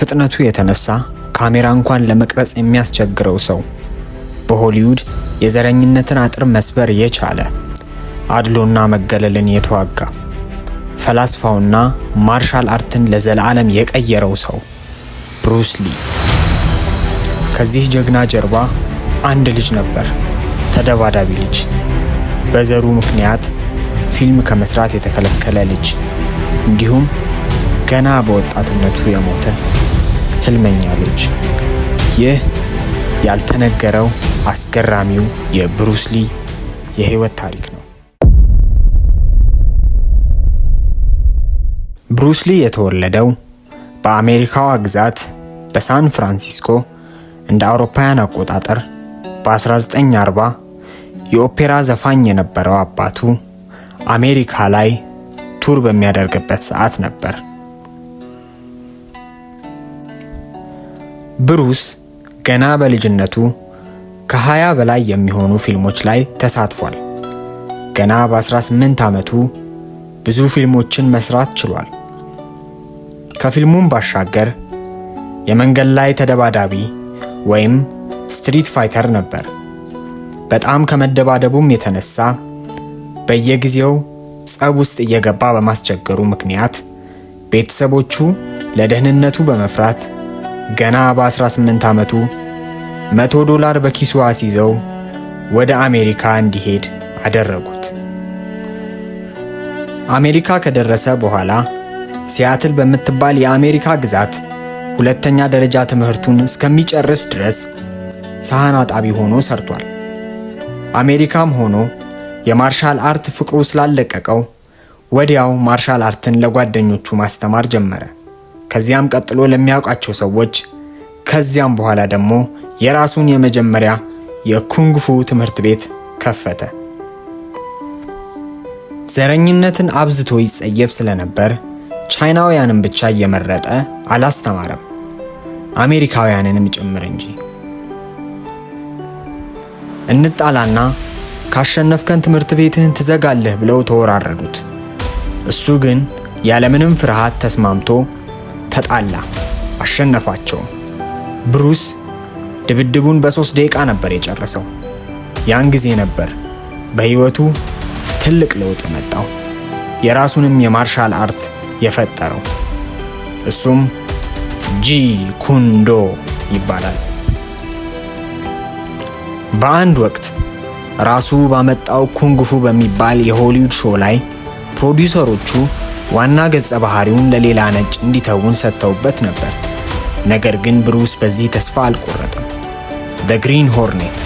ከፍጥነቱ የተነሳ ካሜራ እንኳን ለመቅረጽ የሚያስቸግረው ሰው በሆሊውድ የዘረኝነትን አጥር መስበር የቻለ አድሎና መገለልን የተዋጋ ፈላስፋውና ማርሻል አርትን ለዘላለም የቀየረው ሰው ብሩስ ሊ። ከዚህ ጀግና ጀርባ አንድ ልጅ ነበር፣ ተደባዳቢ ልጅ፣ በዘሩ ምክንያት ፊልም ከመስራት የተከለከለ ልጅ፣ እንዲሁም ገና በወጣትነቱ የሞተ ህልመኛ ይህ ያልተነገረው አስገራሚው የብሩስሊ የህይወት ታሪክ ነው። ብሩስሊ የተወለደው በአሜሪካዋ ግዛት በሳን ፍራንሲስኮ እንደ አውሮፓውያን አቆጣጠር በ1940 የኦፔራ ዘፋኝ የነበረው አባቱ አሜሪካ ላይ ቱር በሚያደርግበት ሰዓት ነበር። ብሩስ ገና በልጅነቱ ከ20 በላይ የሚሆኑ ፊልሞች ላይ ተሳትፏል። ገና በ18 ዓመቱ ብዙ ፊልሞችን መስራት ችሏል። ከፊልሙም ባሻገር የመንገድ ላይ ተደባዳቢ ወይም ስትሪት ፋይተር ነበር። በጣም ከመደባደቡም የተነሳ በየጊዜው ጸብ ውስጥ እየገባ በማስቸገሩ ምክንያት ቤተሰቦቹ ለደህንነቱ በመፍራት ገና በ18 ዓመቱ መቶ ዶላር በኪሱ አስይዘው ወደ አሜሪካ እንዲሄድ አደረጉት። አሜሪካ ከደረሰ በኋላ ሲያትል በምትባል የአሜሪካ ግዛት ሁለተኛ ደረጃ ትምህርቱን እስከሚጨርስ ድረስ ሳህን አጣቢ ሆኖ ሰርቷል። አሜሪካም ሆኖ የማርሻል አርት ፍቅሩ ስላለቀቀው ወዲያው ማርሻል አርትን ለጓደኞቹ ማስተማር ጀመረ። ከዚያም ቀጥሎ ለሚያውቃቸው ሰዎች፣ ከዚያም በኋላ ደግሞ የራሱን የመጀመሪያ የኩንግፉ ትምህርት ቤት ከፈተ። ዘረኝነትን አብዝቶ ይጸየፍ ስለነበር ቻይናውያንን ብቻ እየመረጠ አላስተማረም፣ አሜሪካውያንንም ጭምር እንጂ። እንጣላና ካሸነፍከን ትምህርት ቤትህን ትዘጋለህ ብለው ተወራረዱት። እሱ ግን ያለምንም ፍርሃት ተስማምቶ ተጣላ፣ አሸነፋቸውም። ብሩስ ድብድቡን በሶስት ደቂቃ ነበር የጨረሰው። ያን ጊዜ ነበር በህይወቱ ትልቅ ለውጥ የመጣው የራሱንም የማርሻል አርት የፈጠረው። እሱም ጂ ኩንዶ ይባላል። በአንድ ወቅት ራሱ ባመጣው ኩንግፉ በሚባል የሆሊውድ ሾው ላይ ፕሮዲውሰሮቹ ዋና ገጸ ባህሪውን ለሌላ ነጭ እንዲተውን ሰጥተውበት ነበር። ነገር ግን ብሩስ በዚህ ተስፋ አልቆረጥም። ዘ ግሪን ሆርኔት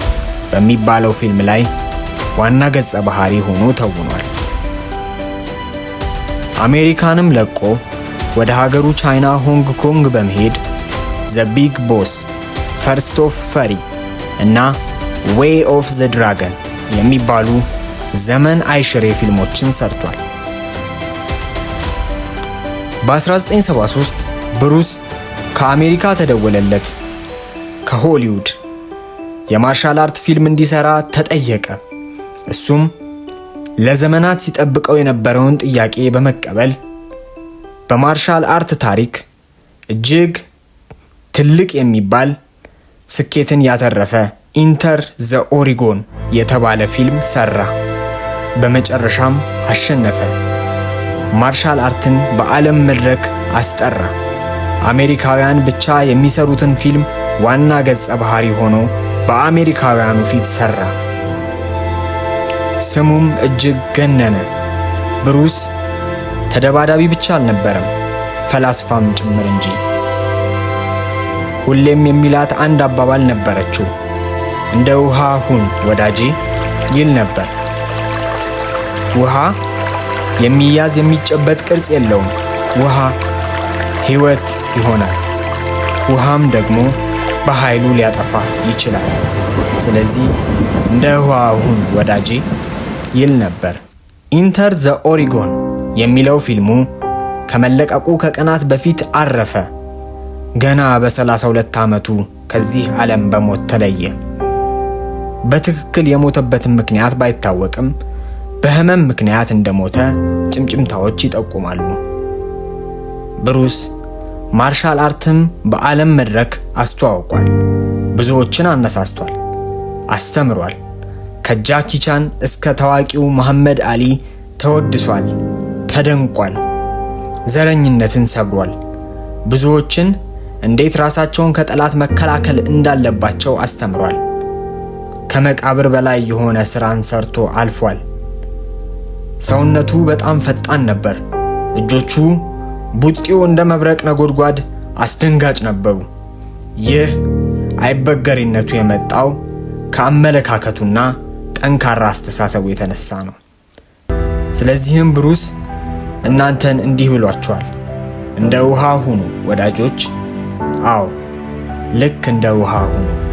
በሚባለው ፊልም ላይ ዋና ገጸ ባህሪ ሆኖ ተውኗል። አሜሪካንም ለቆ ወደ ሀገሩ ቻይና ሆንግ ኮንግ በመሄድ ዘ ቢግ ቦስ፣ ፈርስት ኦፍ ፈሪ እና ዌይ ኦፍ ዘ ድራገን የሚባሉ ዘመን አይሽሬ ፊልሞችን ሰርቷል። በ1973 ብሩስ ከአሜሪካ ተደወለለት። ከሆሊውድ የማርሻል አርት ፊልም እንዲሰራ ተጠየቀ። እሱም ለዘመናት ሲጠብቀው የነበረውን ጥያቄ በመቀበል በማርሻል አርት ታሪክ እጅግ ትልቅ የሚባል ስኬትን ያተረፈ ኢንተር ዘ ኦሪጎን የተባለ ፊልም ሰራ። በመጨረሻም አሸነፈ። ማርሻል አርትን በዓለም መድረክ አስጠራ። አሜሪካውያን ብቻ የሚሰሩትን ፊልም ዋና ገጸ ባህሪ ሆኖ በአሜሪካውያኑ ፊት ሰራ። ስሙም እጅግ ገነነ። ብሩስ ተደባዳቢ ብቻ አልነበረም፣ ፈላስፋም ጭምር እንጂ። ሁሌም የሚላት አንድ አባባል ነበረችው። እንደ ውሃ ሁን ወዳጄ ይል ነበር። ውሃ የሚያዝ የሚጨበጥ ቅርጽ የለውም። ውሃ ሕይወት ይሆናል። ውሃም ደግሞ በኃይሉ ሊያጠፋ ይችላል። ስለዚህ እንደ ውሃ ሁን ወዳጄ ይል ነበር። ኢንተር ዘ ኦሪጎን የሚለው ፊልሙ ከመለቀቁ ከቀናት በፊት አረፈ። ገና በ32 ዓመቱ ከዚህ ዓለም በሞት ተለየ። በትክክል የሞተበትን ምክንያት ባይታወቅም በህመም ምክንያት እንደሞተ ጭምጭምታዎች ይጠቁማሉ። ብሩስ ማርሻል አርትም በዓለም መድረክ አስተዋውቋል። ብዙዎችን አነሳስቷል፣ አስተምሯል። ከጃኪ ቻን እስከ ታዋቂው መሐመድ አሊ ተወድሷል፣ ተደንቋል። ዘረኝነትን ሰብሯል። ብዙዎችን እንዴት ራሳቸውን ከጠላት መከላከል እንዳለባቸው አስተምሯል። ከመቃብር በላይ የሆነ ስራን ሰርቶ አልፏል። ሰውነቱ በጣም ፈጣን ነበር። እጆቹ ቡጢው እንደ መብረቅ ነጎድጓድ አስደንጋጭ ነበሩ። ይህ አይበገሪነቱ የመጣው ከአመለካከቱና ጠንካራ አስተሳሰቡ የተነሳ ነው። ስለዚህም ብሩስ እናንተን እንዲህ ብሏቸዋል፣ እንደ ውሃ ሁኑ ወዳጆች። አዎ ልክ እንደ ውሃ ሁኑ።